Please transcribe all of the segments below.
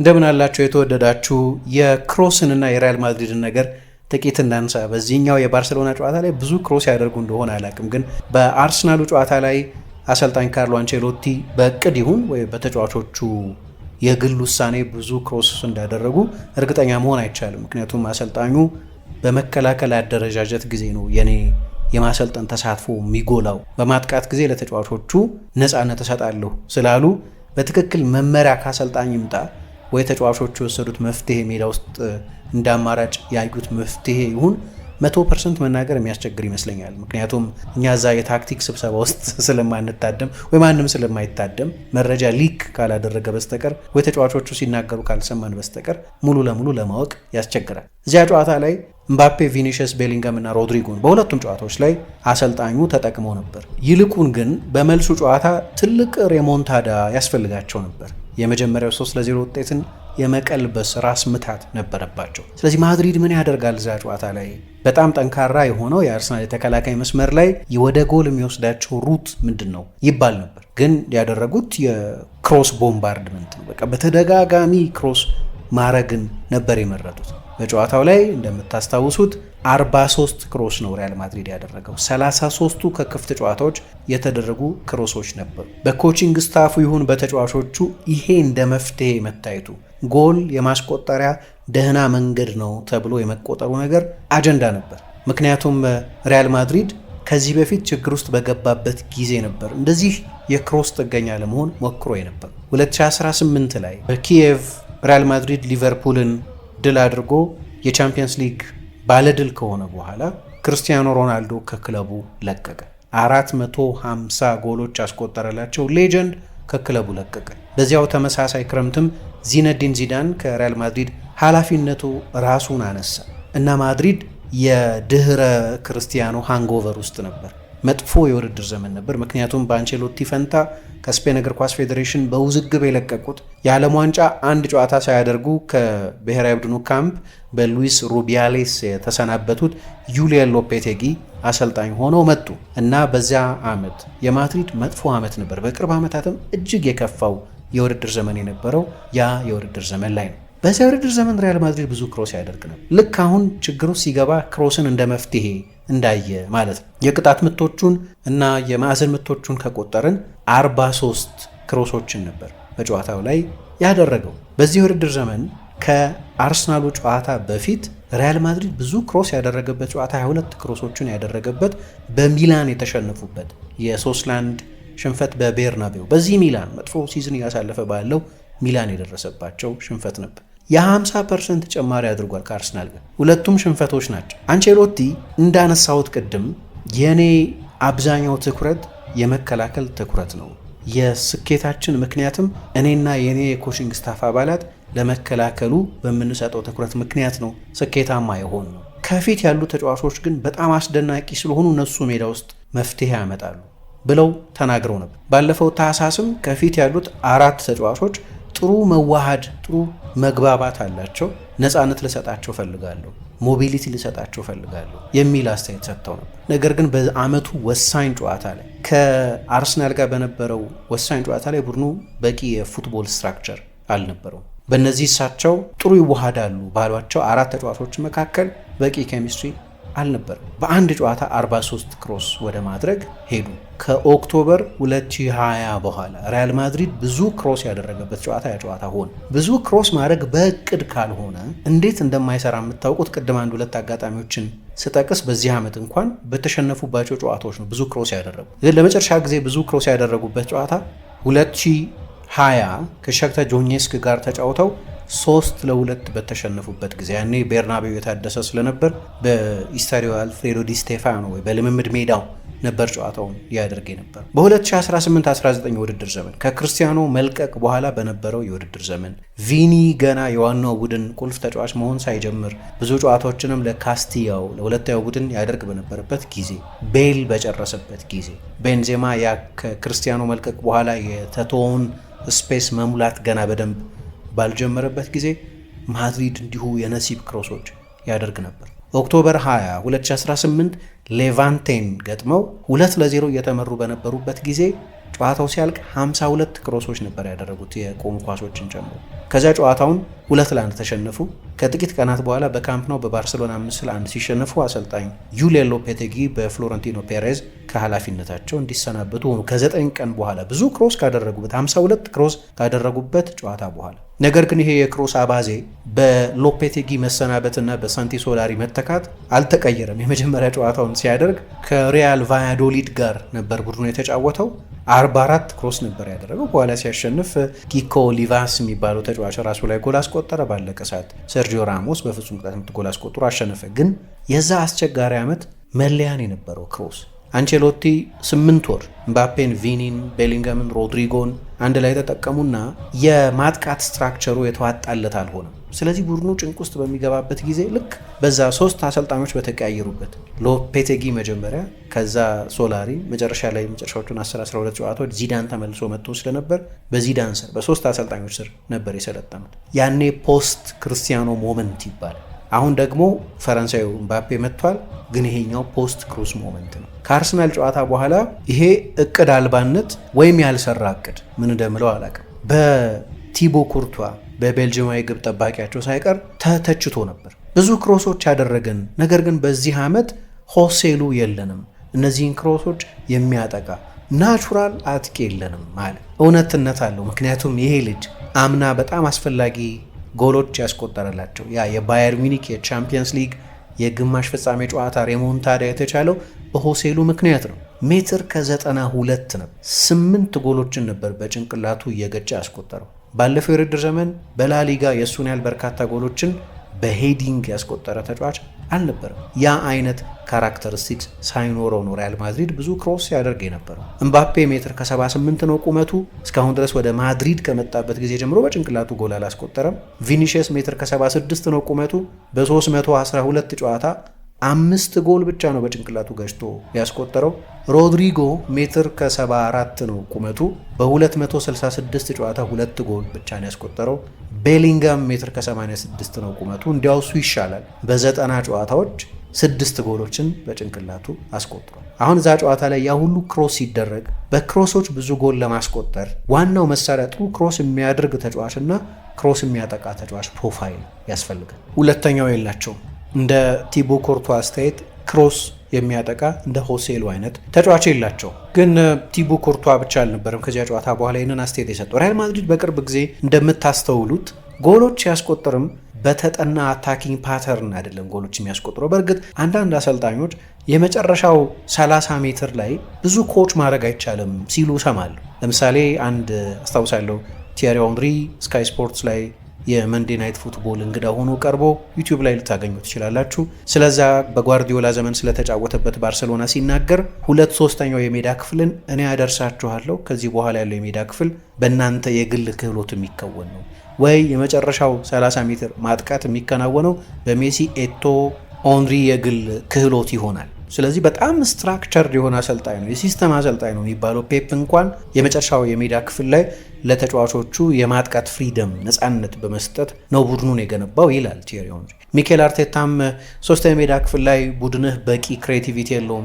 እንደምን አላችሁ የተወደዳችሁ የክሮስንና የሪያል ማድሪድን ነገር ጥቂት እናንሳ። በዚህኛው የባርሰሎና ጨዋታ ላይ ብዙ ክሮስ ያደርጉ እንደሆነ አላቅም፣ ግን በአርሰናሉ ጨዋታ ላይ አሰልጣኝ ካርሎ አንቸሎቲ በእቅድ ይሁን ወይ በተጫዋቾቹ የግል ውሳኔ ብዙ ክሮስ እንዳደረጉ እርግጠኛ መሆን አይቻልም። ምክንያቱም አሰልጣኙ በመከላከል አደረጃጀት ጊዜ ነው የኔ የማሰልጠን ተሳትፎ የሚጎላው፣ በማጥቃት ጊዜ ለተጫዋቾቹ ነፃነት እሰጣለሁ ስላሉ በትክክል መመሪያ ከአሰልጣኝ ይምጣ ወይ ተጫዋቾቹ የወሰዱት መፍትሄ ሜዳ ውስጥ እንደ አማራጭ ያዩት መፍትሄ ይሁን መቶ ፐርሰንት መናገር የሚያስቸግር ይመስለኛል። ምክንያቱም እኛ እዛ የታክቲክ ስብሰባ ውስጥ ስለማንታደም ወይ ማንም ስለማይታደም መረጃ ሊክ ካላደረገ በስተቀር ወይ ተጫዋቾቹ ሲናገሩ ካልሰማን በስተቀር ሙሉ ለሙሉ ለማወቅ ያስቸግራል። እዚያ ጨዋታ ላይ ምባፔ፣ ቪኒሽስ፣ ቤሊንጋም እና ሮድሪጎን በሁለቱም ጨዋታዎች ላይ አሰልጣኙ ተጠቅመው ነበር። ይልቁን ግን በመልሱ ጨዋታ ትልቅ ሬሞንታዳ ያስፈልጋቸው ነበር። የመጀመሪያው ሶስት ለዜሮ ውጤትን የመቀልበስ ራስ ምታት ነበረባቸው። ስለዚህ ማድሪድ ምን ያደርጋል እዛ ጨዋታ ላይ በጣም ጠንካራ የሆነው የአርሰናል የተከላካይ መስመር ላይ ወደ ጎል የሚወስዳቸው ሩት ምንድን ነው ይባል ነበር። ግን ያደረጉት የክሮስ ቦምባርድመንት ነው። በቃ በተደጋጋሚ ክሮስ ማረግን ነበር የመረጡት። በጨዋታው ላይ እንደምታስታውሱት 43 ክሮስ ነው ሪያል ማድሪድ ያደረገው። 33ቱ ከክፍት ጨዋታዎች የተደረጉ ክሮሶች ነበሩ። በኮቺንግ ስታፉ ይሁን በተጫዋቾቹ ይሄ እንደ መፍትሄ መታየቱ ጎል የማስቆጠሪያ ደህና መንገድ ነው ተብሎ የመቆጠሩ ነገር አጀንዳ ነበር። ምክንያቱም ሪያል ማድሪድ ከዚህ በፊት ችግር ውስጥ በገባበት ጊዜ ነበር እንደዚህ የክሮስ ጥገኛ ለመሆን ሞክሮ የነበር። 2018 ላይ በኪየቭ ሪያል ማድሪድ ሊቨርፑልን ድል አድርጎ የቻምፒየንስ ሊግ ባለድል ከሆነ በኋላ ክርስቲያኖ ሮናልዶ ከክለቡ ለቀቀ። 450 ጎሎች አስቆጠረላቸው ሌጀንድ ከክለቡ ለቀቀ። በዚያው ተመሳሳይ ክረምትም ዚነዲን ዚዳን ከሪያል ማድሪድ ኃላፊነቱ ራሱን አነሳ እና ማድሪድ የድህረ ክርስቲያኖ ሃንጎቨር ውስጥ ነበር። መጥፎ የውድድር ዘመን ነበር። ምክንያቱም በአንቸሎቲ ፈንታ ከስፔን እግር ኳስ ፌዴሬሽን በውዝግብ የለቀቁት የዓለም ዋንጫ አንድ ጨዋታ ሳያደርጉ ከብሔራዊ ቡድኑ ካምፕ በሉዊስ ሩቢያሌስ የተሰናበቱት ዩሊየን ሎፔቴጊ አሰልጣኝ ሆነው መጡ እና በዚያ ዓመት የማድሪድ መጥፎ ዓመት ነበር። በቅርብ ዓመታትም እጅግ የከፋው የውድድር ዘመን የነበረው ያ የውድድር ዘመን ላይ ነው። በዚያ ውድድር ዘመን ሪያል ማድሪድ ብዙ ክሮስ ያደርግ ነው። ልክ አሁን ችግሩ ሲገባ ክሮስን እንደ መፍትሄ እንዳየ ማለት ነው። የቅጣት ምቶቹን እና የማዕዘን ምቶቹን ከቆጠርን 43 ክሮሶችን ነበር በጨዋታው ላይ ያደረገው። በዚህ ውድድር ዘመን ከአርሰናሉ ጨዋታ በፊት ሪያል ማድሪድ ብዙ ክሮስ ያደረገበት ጨዋታ 22 ክሮሶችን ያደረገበት በሚላን የተሸነፉበት የሶስት ለአንድ ሽንፈት በቤርናቤው በዚህ ሚላን መጥፎ ሲዝን እያሳለፈ ባለው ሚላን የደረሰባቸው ሽንፈት ነበር። የ50 ፐርሰንት ጭማሪ አድርጓል ከአርሰናል ጋር። ሁለቱም ሽንፈቶች ናቸው። አንቼሎቲ እንዳነሳሁት ቅድም የእኔ አብዛኛው ትኩረት የመከላከል ትኩረት ነው። የስኬታችን ምክንያትም እኔና የእኔ የኮችንግ ስታፍ አባላት ለመከላከሉ በምንሰጠው ትኩረት ምክንያት ነው ስኬታማ የሆኑ ነው። ከፊት ያሉ ተጫዋቾች ግን በጣም አስደናቂ ስለሆኑ እነሱ ሜዳ ውስጥ መፍትሄ ያመጣሉ ብለው ተናግረው ነበር። ባለፈው ታህሳስም ከፊት ያሉት አራት ተጫዋቾች ጥሩ መዋሃድ፣ ጥሩ መግባባት አላቸው። ነፃነት ልሰጣቸው ፈልጋለሁ፣ ሞቢሊቲ ልሰጣቸው ፈልጋለሁ የሚል አስተያየት ሰጥተው ነበር። ነገር ግን በአመቱ ወሳኝ ጨዋታ ላይ ከአርሰናል ጋር በነበረው ወሳኝ ጨዋታ ላይ ቡድኑ በቂ የፉትቦል ስትራክቸር አልነበረው። በእነዚህ እሳቸው ጥሩ ይዋሃዳሉ ባሏቸው አራት ተጫዋቾች መካከል በቂ ኬሚስትሪ አልነበርም። በአንድ ጨዋታ 43 ክሮስ ወደ ማድረግ ሄዱ። ከኦክቶበር 2020 በኋላ ሪያል ማድሪድ ብዙ ክሮስ ያደረገበት ጨዋታ ያ ጨዋታ ሆነ። ብዙ ክሮስ ማድረግ በእቅድ ካልሆነ እንዴት እንደማይሰራ የምታውቁት ቅድም አንድ ሁለት አጋጣሚዎችን ስጠቅስ በዚህ ዓመት እንኳን በተሸነፉባቸው ጨዋታዎች ነው ብዙ ክሮስ ያደረጉ። ለመጨረሻ ጊዜ ብዙ ክሮስ ያደረጉበት ጨዋታ 2020 ከሸክተ ጆኔስክ ጋር ተጫውተው ሶስት ለሁለት በተሸነፉበት ጊዜ ያኔ ቤርናቤው የታደሰ ስለነበር በኢስታዲዮ አልፍሬዶ ዲ ስቴፋኖ ወይ በልምምድ ሜዳው ነበር ጨዋታውን ያደርግ ነበር። በ2018-19 ዘመን ከክርስቲያኖ መልቀቅ በኋላ በነበረው የውድድር ዘመን ቪኒ ገና የዋናው ቡድን ቁልፍ ተጫዋች መሆን ሳይጀምር ብዙ ጨዋታዎችንም ለካስቲያው ለሁለተኛው ቡድን ያደርግ በነበረበት ጊዜ፣ ቤል በጨረሰበት ጊዜ፣ ቤንዜማ ያ ከክርስቲያኖ መልቀቅ በኋላ የተተወውን ስፔስ መሙላት ገና በደንብ ባልጀመረበት ጊዜ ማድሪድ እንዲሁ የነሲብ ክሮሶች ያደርግ ነበር። ኦክቶበር 20 2018 ሌቫንቴን ገጥመው ሁለት ለዜሮ እየተመሩ በነበሩበት ጊዜ ጨዋታው ሲያልቅ 52 ክሮሶች ነበር ያደረጉት የቆም ኳሶችን ጨምሮ። ከዚያ ጨዋታውን ሁለት ለአንድ ተሸነፉ። ከጥቂት ቀናት በኋላ በካምፕ ኖው በባርሰሎና አምስት ለአንድ ሲሸነፉ አሰልጣኝ ዩሌ ሎፔቴጊ በፍሎረንቲኖ ፔሬዝ ከኃላፊነታቸው እንዲሰናበቱ ሆኑ። ከዘጠኝ ቀን በኋላ ብዙ ክሮስ ካደረጉበት 52 ክሮስ ካደረጉበት ጨዋታ በኋላ ነገር ግን ይሄ የክሮስ አባዜ በሎፔቴጊ መሰናበትና በሳንቲ ሶላሪ መተካት አልተቀየረም። የመጀመሪያ ጨዋታውን ሲያደርግ ከሪያል ቫያዶሊድ ጋር ነበር ቡድኑ የተጫወተው። 44 ክሮስ ነበር ያደረገው። በኋላ ሲያሸንፍ ኪኮ ሊቫስ የሚባለው ተጫዋች ራሱ ላይ ጎል አስቆጠረ። ባለቀ ሰዓት ሰርጂዮ ራሞስ በፍጹም ቅጣት ምት ጎል አስቆጥሮ አሸነፈ። ግን የዛ አስቸጋሪ ዓመት መለያን የነበረው ክሮስ አንቸሎቲ ስምንት ወር ምባፔን፣ ቪኒን፣ ቤሊንገምን፣ ሮድሪጎን አንድ ላይ ተጠቀሙና የማጥቃት ስትራክቸሩ የተዋጣለት አልሆነም። ስለዚህ ቡድኑ ጭንቅ ውስጥ በሚገባበት ጊዜ ልክ በዛ ሶስት አሰልጣኞች በተቀያየሩበት ሎፔቴጊ መጀመሪያ፣ ከዛ ሶላሪ መጨረሻ ላይ መጨረሻዎቹን 112 ጨዋታዎች ዚዳን ተመልሶ መጥቶ ስለነበር በዚዳን ስር በሶስት አሰልጣኞች ስር ነበር የሰለጠኑት። ያኔ ፖስት ክርስቲያኖ ሞመንት ይባላል። አሁን ደግሞ ፈረንሳዩ ምባፔ መጥቷል። ግን ይሄኛው ፖስት ክሩስ ሞመንት ነው። ከአርሰናል ጨዋታ በኋላ ይሄ እቅድ አልባነት ወይም ያልሰራ እቅድ ምን እንደምለው አላውቅም። በቲቦ ኩርቷ በቤልጅማዊ ግብ ጠባቂያቸው ሳይቀር ተተችቶ ነበር። ብዙ ክሮሶች ያደረግን፣ ነገር ግን በዚህ ዓመት ሆሴሉ የለንም እነዚህን ክሮሶች የሚያጠቃ ናቹራል አጥቂ የለንም ማለት እውነትነት አለው። ምክንያቱም ይሄ ልጅ አምና በጣም አስፈላጊ ጎሎች ያስቆጠረላቸው ያ የባየር ሚኒክ የቻምፒየንስ ሊግ የግማሽ ፍጻሜ ጨዋታ ሬሞንታዳ የተቻለው በሆሴሉ ምክንያት ነው። ሜትር ከዘጠና ሁለት ነው ስምንት ጎሎችን ነበር በጭንቅላቱ እየገጨ ያስቆጠረው። ባለፈው የውድድር ዘመን በላሊጋ የእሱን ያህል በርካታ ጎሎችን በሄዲንግ ያስቆጠረ ተጫዋች አልነበረም። ያ አይነት ካራክተሪስቲክስ ሳይኖረው ነው ሪያል ማድሪድ ብዙ ክሮስ ሲያደርግ የነበረው። እምባፔ ሜትር ከ78 ነው ቁመቱ። እስካሁን ድረስ ወደ ማድሪድ ከመጣበት ጊዜ ጀምሮ በጭንቅላቱ ጎል አላስቆጠረም። ቪኒሽስ ሜትር ከ76 ነው ቁመቱ። በ312 ጨዋታ አምስት ጎል ብቻ ነው በጭንቅላቱ ገጭቶ ያስቆጠረው። ሮድሪጎ ሜትር ከ74 ነው ቁመቱ። በ266 ጨዋታ ሁለት ጎል ብቻ ነው ያስቆጠረው። ቤሊንጋም ሜትር ከ86 ነው ቁመቱ። እንዲያው እሱ ይሻላል። በዘጠና ጨዋታዎች ስድስት ጎሎችን በጭንቅላቱ አስቆጥሯል። አሁን እዛ ጨዋታ ላይ ያ ሁሉ ክሮስ ሲደረግ በክሮሶች ብዙ ጎል ለማስቆጠር ዋናው መሳሪያ ጥሩ ክሮስ የሚያደርግ ተጫዋችና ክሮስ የሚያጠቃ ተጫዋች ፕሮፋይል ያስፈልጋል። ሁለተኛው የላቸውም። እንደ ቲቦ ኮርቷ አስተያየት ክሮስ የሚያጠቃ እንደ ሆሴሉ አይነት ተጫዋች የላቸው። ግን ቲቦ ኮርቷ ብቻ አልነበረም ከዚያ ጨዋታ በኋላ ይህንን አስተያየት የሰጠው። ሪያል ማድሪድ በቅርብ ጊዜ እንደምታስተውሉት ጎሎች ሲያስቆጥርም በተጠና አታኪንግ ፓተርን አይደለም ጎሎች የሚያስቆጥረው። በእርግጥ አንዳንድ አሰልጣኞች የመጨረሻው 30 ሜትር ላይ ብዙ ኮች ማድረግ አይቻልም ሲሉ ሰማሉ ለምሳሌ አንድ አስታውሳለሁ ቲየሪ ኦንሪ ስካይ ስፖርትስ ላይ የመንዴ ናይት ፉትቦል እንግዳ ሆኖ ቀርቦ ዩቲዩብ ላይ ልታገኙ ትችላላችሁ። ስለዛ በጓርዲዮላ ዘመን ስለተጫወተበት ባርሰሎና ሲናገር ሁለት ሶስተኛው የሜዳ ክፍልን እኔ ያደርሳችኋለሁ፣ ከዚህ በኋላ ያለው የሜዳ ክፍል በእናንተ የግል ክህሎት የሚከወን ነው ወይ የመጨረሻው 30 ሜትር ማጥቃት የሚከናወነው በሜሲ ኤቶ ኦንሪ የግል ክህሎት ይሆናል። ስለዚህ በጣም ስትራክቸርድ የሆነ አሰልጣኝ ነው፣ የሲስተም አሰልጣኝ ነው የሚባለው ፔፕ እንኳን የመጨረሻው የሜዳ ክፍል ላይ ለተጫዋቾቹ የማጥቃት ፍሪደም ነፃነት በመስጠት ነው ቡድኑን የገነባው ይላል ቲየሪ ሄንሪ። ሚኬል አርቴታም ሶስተኛ ሜዳ ክፍል ላይ ቡድንህ በቂ ክሬቲቪቲ የለውም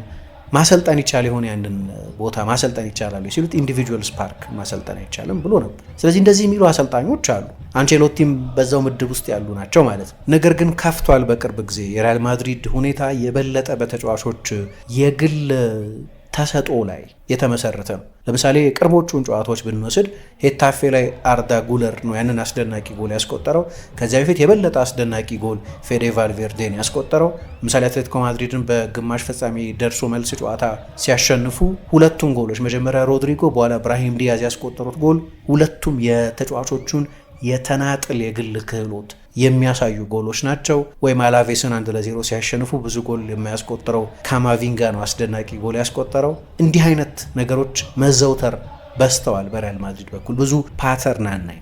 ማሰልጠን ይቻል የሆነ ያንድን ቦታ ማሰልጠን ይቻላሉ ሲሉት ኢንዲቪጁዋል ስፓርክ ማሰልጠን አይቻልም ብሎ ነበር። ስለዚህ እንደዚህ የሚሉ አሰልጣኞች አሉ። አንቸሎቲም በዛው ምድብ ውስጥ ያሉ ናቸው ማለት ነው። ነገር ግን ከፍቷል። በቅርብ ጊዜ የሪያል ማድሪድ ሁኔታ የበለጠ በተጫዋቾች የግል ተሰጦ ላይ የተመሰረተ ነው። ለምሳሌ የቅርቦቹን ጨዋታዎች ብንወስድ ሄታፌ ላይ አርዳ ጉለር ነው ያንን አስደናቂ ጎል ያስቆጠረው። ከዚያ በፊት የበለጠ አስደናቂ ጎል ፌዴ ቫልቬርዴን ያስቆጠረው። ለምሳሌ አትሌቲኮ ማድሪድን በግማሽ ፍጻሜ ደርሶ መልስ ጨዋታ ሲያሸንፉ ሁለቱም ጎሎች መጀመሪያ ሮድሪጎ፣ በኋላ ብራሂም ዲያዝ ያስቆጠሩት ጎል ሁለቱም የተጫዋቾቹን የተናጥል የግል ክህሎት የሚያሳዩ ጎሎች ናቸው። ወይም አላቬስን አንድ ለዜሮ ሲያሸንፉ ብዙ ጎል የማያስቆጥረው ካማቪንጋ ነው አስደናቂ ጎል ያስቆጠረው። እንዲህ አይነት ነገሮች መዘውተር በስተዋል በሪያል ማድሪድ በኩል ብዙ ፓተርን አናይ።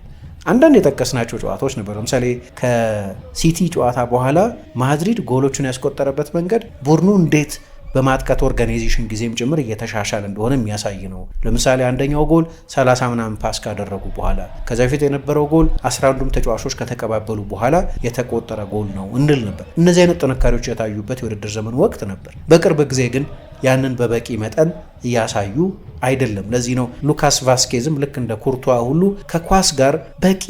አንዳንድ የጠቀስናቸው ጨዋታዎች ነበሩ። ለምሳሌ ከሲቲ ጨዋታ በኋላ ማድሪድ ጎሎቹን ያስቆጠረበት መንገድ ቡድኑ እንዴት በማጥቃት ኦርጋናይዜሽን ጊዜም ጭምር እየተሻሻለ እንደሆነ የሚያሳይ ነው። ለምሳሌ አንደኛው ጎል 30 ምናምን ፓስ ካደረጉ በኋላ ከዚ በፊት የነበረው ጎል 11ዱም ተጫዋቾች ከተቀባበሉ በኋላ የተቆጠረ ጎል ነው እንል ነበር። እነዚህ አይነት ጥንካሬዎች የታዩበት የውድድር ዘመን ወቅት ነበር። በቅርብ ጊዜ ግን ያንን በበቂ መጠን እያሳዩ አይደለም። ለዚህ ነው ሉካስ ቫስኬዝም ልክ እንደ ኩርቷ ሁሉ ከኳስ ጋር በቂ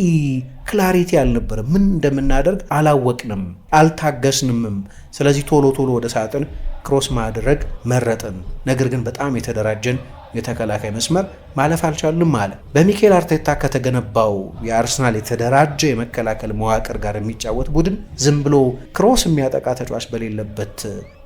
ክላሪቲ አልነበረም። ምን እንደምናደርግ አላወቅንም፣ አልታገስንምም። ስለዚህ ቶሎ ቶሎ ወደ ሳጥን ክሮስ ማድረግ መረጥን። ነገር ግን በጣም የተደራጀን የተከላካይ መስመር ማለፍ አልቻልም አለ። በሚኬል አርቴታ ከተገነባው የአርሰናል የተደራጀ የመከላከል መዋቅር ጋር የሚጫወት ቡድን ዝም ብሎ ክሮስ የሚያጠቃ ተጫዋች በሌለበት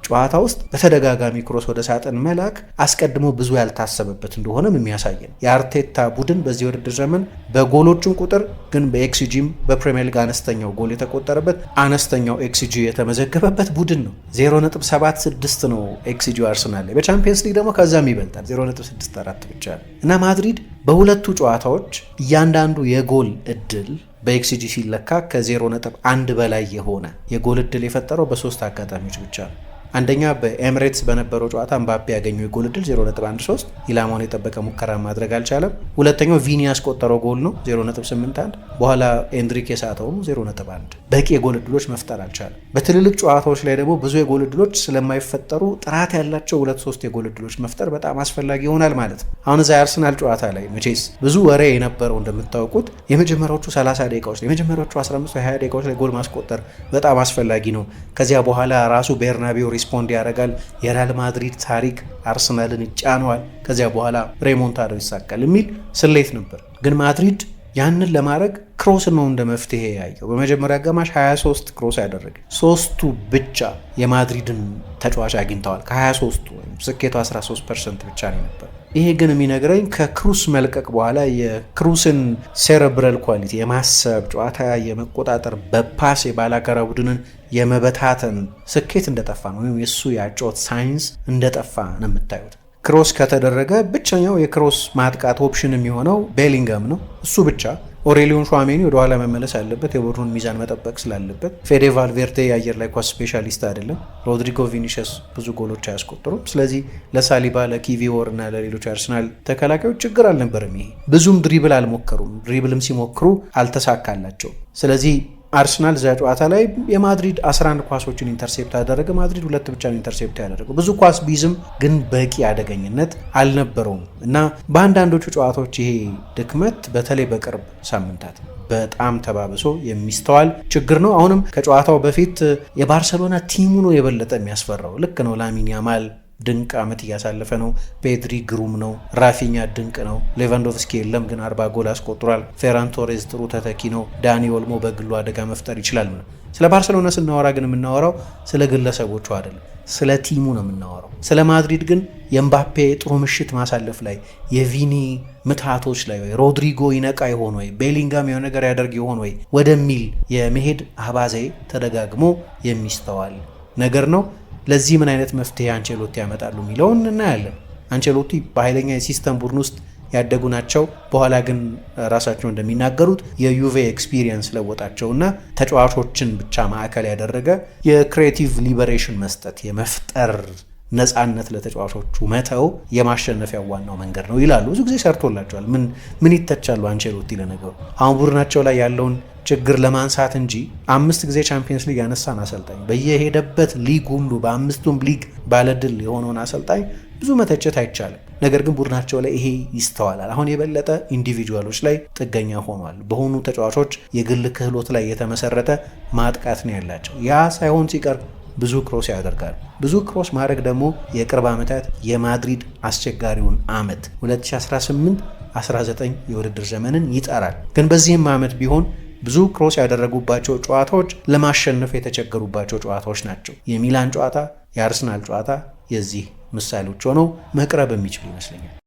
ጨዋታ ውስጥ በተደጋጋሚ ክሮስ ወደ ሳጥን መላክ አስቀድሞ ብዙ ያልታሰበበት እንደሆነም የሚያሳይ ነው። የአርቴታ ቡድን በዚህ ውድድር ዘመን በጎሎቹም ቁጥር ግን በኤክሲጂም በፕሪሚየር ሊግ አነስተኛው ጎል የተቆጠረበት አነስተኛው ኤክሲጂ የተመዘገበበት ቡድን ነው። 0.76 ነው ኤክሲጂ አርሰናል። በቻምፒየንስ ሊግ ደግሞ ከዛም ይበልጣል፣ 0.64 ብቻ ነው እና ማድሪድ በሁለቱ ጨዋታዎች እያንዳንዱ የጎል እድል በኤክስጂ ሲለካ ከ0.1 በላይ የሆነ የጎል እድል የፈጠረው በሶስት አጋጣሚዎች ብቻ ነው። አንደኛ በኤምሬትስ በነበረው ጨዋታ እምባፔ ያገኘው የጎል እድል 0.13 ኢላማውን የጠበቀ ሙከራ ማድረግ አልቻለም። ሁለተኛው ቪኒ ያስቆጠረው ጎል ነው 0.81። በኋላ ኤንድሪክ የሳተው ነው 0.1። በቂ የጎል እድሎች መፍጠር አልቻለም። በትልልቅ ጨዋታዎች ላይ ደግሞ ብዙ የጎል እድሎች ስለማይፈጠሩ ጥራት ያላቸው ሁለት ሶስት የጎል እድሎች መፍጠር በጣም አስፈላጊ ይሆናል ማለት ነው። አሁን እዛ የአርሰናል ጨዋታ ላይ መቼስ ብዙ ወሬ የነበረው እንደምታውቁት የመጀመሪያዎቹ 30 ደቂቃዎች ላይ የመጀመሪያዎቹ 15 20 ደቂቃዎች ላይ ጎል ማስቆጠር በጣም አስፈላጊ ነው። ከዚያ በኋላ ራሱ ቤርናቤው ሪስፖንድ ያደርጋል። የሪያል ማድሪድ ታሪክ አርሰናልን ይጫነዋል፣ ከዚያ በኋላ ሬሞንታዶ ይሳካል የሚል ስሌት ነበር። ግን ማድሪድ ያንን ለማድረግ ክሮስ ነው እንደ መፍትሄ ያየው። በመጀመሪያ አጋማሽ 23 ክሮስ ያደረገ ሶስቱ ብቻ የማድሪድን ተጫዋች አግኝተዋል። ከ23ቱ ስኬቱ 13 ፐርሰንት ብቻ ነው ነበር ይሄ ግን የሚነግረኝ ከክሩስ መልቀቅ በኋላ የክሩስን ሴረብረል ኳሊቲ የማሰብ ጨዋታ የመቆጣጠር በፓስ የባላጋራ ቡድንን የመበታተን ስኬት እንደጠፋ ነው፣ ወይም የእሱ የአጨዋወት ሳይንስ እንደጠፋ ነው የምታዩት። ክሮስ ከተደረገ ብቸኛው የክሮስ ማጥቃት ኦፕሽን የሚሆነው ቤሊንገም ነው፣ እሱ ብቻ ኦሬሊዮን ሿሜኒ ወደኋላ መመለስ አለበት፣ የቡድኑን ሚዛን መጠበቅ ስላለበት። ፌዴ ቫልቬርቴ የአየር ላይ ኳስ ስፔሻሊስት አይደለም። ሮድሪጎ ቪኒሸስ ብዙ ጎሎች አያስቆጥሩም። ስለዚህ ለሳሊባ ለኪቪወር እና ለሌሎች አርሰናል ተከላካዮች ችግር አልነበርም። ይሄ ብዙም ድሪብል አልሞከሩም፣ ድሪብልም ሲሞክሩ አልተሳካላቸውም። ስለዚህ አርሰናል እዚያ ጨዋታ ላይ የማድሪድ 11 ኳሶችን ኢንተርሴፕት አደረገ። ማድሪድ ሁለት ብቻ ነው ኢንተርሴፕት ያደረገው። ብዙ ኳስ ቢዝም ግን በቂ አደገኝነት አልነበረውም እና በአንዳንዶቹ ጨዋታዎች ይሄ ድክመት በተለይ በቅርብ ሳምንታት በጣም ተባብሶ የሚስተዋል ችግር ነው። አሁንም ከጨዋታው በፊት የባርሰሎና ቲሙ ነው የበለጠ የሚያስፈራው። ልክ ነው ላሚን ያማል ድንቅ ዓመት እያሳለፈ ነው። ፔድሪ ግሩም ነው። ራፊኛ ድንቅ ነው። ሌቫንዶቭስኪ የለም ግን አርባ ጎል አስቆጥሯል። ፌራን ቶሬዝ ጥሩ ተተኪ ነው። ዳኒ ኦልሞ በግሉ አደጋ መፍጠር ይችላል። ስለ ባርሰሎና ስናወራ ግን የምናወራው ስለ ግለሰቦቹ አይደለም፣ ስለ ቲሙ ነው የምናወራው። ስለ ማድሪድ ግን የምባፔ ጥሩ ምሽት ማሳለፍ ላይ፣ የቪኒ ምትሃቶች ላይ ወይ ሮድሪጎ ይነቃ ይሆን ወይ ቤሊንጋም የሆነ ነገር ያደርግ ይሆን ወይ ወደሚል የመሄድ አባዜ ተደጋግሞ የሚስተዋል ነገር ነው። ለዚህ ምን አይነት መፍትሄ አንቸሎቲ ያመጣሉ የሚለውን እናያለን። አንቸሎቲ በኃይለኛ የሲስተም ቡድን ውስጥ ያደጉ ናቸው። በኋላ ግን ራሳቸው እንደሚናገሩት የዩቬ ኤክስፒሪየንስ ለወጣቸው እና ተጫዋቾችን ብቻ ማዕከል ያደረገ የክሬቲቭ ሊበሬሽን መስጠት የመፍጠር ነፃነት ለተጫዋቾቹ መተው የማሸነፊያው ዋናው መንገድ ነው ይላሉ። ብዙ ጊዜ ሰርቶላቸዋል። ምን ምን ይተቻሉ አንቸሎቲ ለነገሩ አሁን ቡድናቸው ላይ ያለውን ችግር ለማንሳት እንጂ አምስት ጊዜ ቻምፒየንስ ሊግ ያነሳን አሰልጣኝ በየሄደበት ሊግ ሁሉ በአምስቱም ሊግ ባለድል የሆነውን አሰልጣኝ ብዙ መተቸት አይቻልም። ነገር ግን ቡድናቸው ላይ ይሄ ይስተዋላል። አሁን የበለጠ ኢንዲቪጁዋሎች ላይ ጥገኛ ሆኗል። በሆኑ ተጫዋቾች የግል ክህሎት ላይ የተመሰረተ ማጥቃት ነው ያላቸው። ያ ሳይሆን ሲቀር ብዙ ክሮስ ያደርጋል። ብዙ ክሮስ ማድረግ ደግሞ የቅርብ ዓመታት የማድሪድ አስቸጋሪውን ዓመት 2018 19 የውድድር ዘመንን ይጠራል። ግን በዚህም ዓመት ቢሆን ብዙ ክሮስ ያደረጉባቸው ጨዋታዎች ለማሸነፍ የተቸገሩባቸው ጨዋታዎች ናቸው። የሚላን ጨዋታ፣ የአርሰናል ጨዋታ የዚህ ምሳሌዎች ሆነው መቅረብ የሚችሉ ይመስለኛል።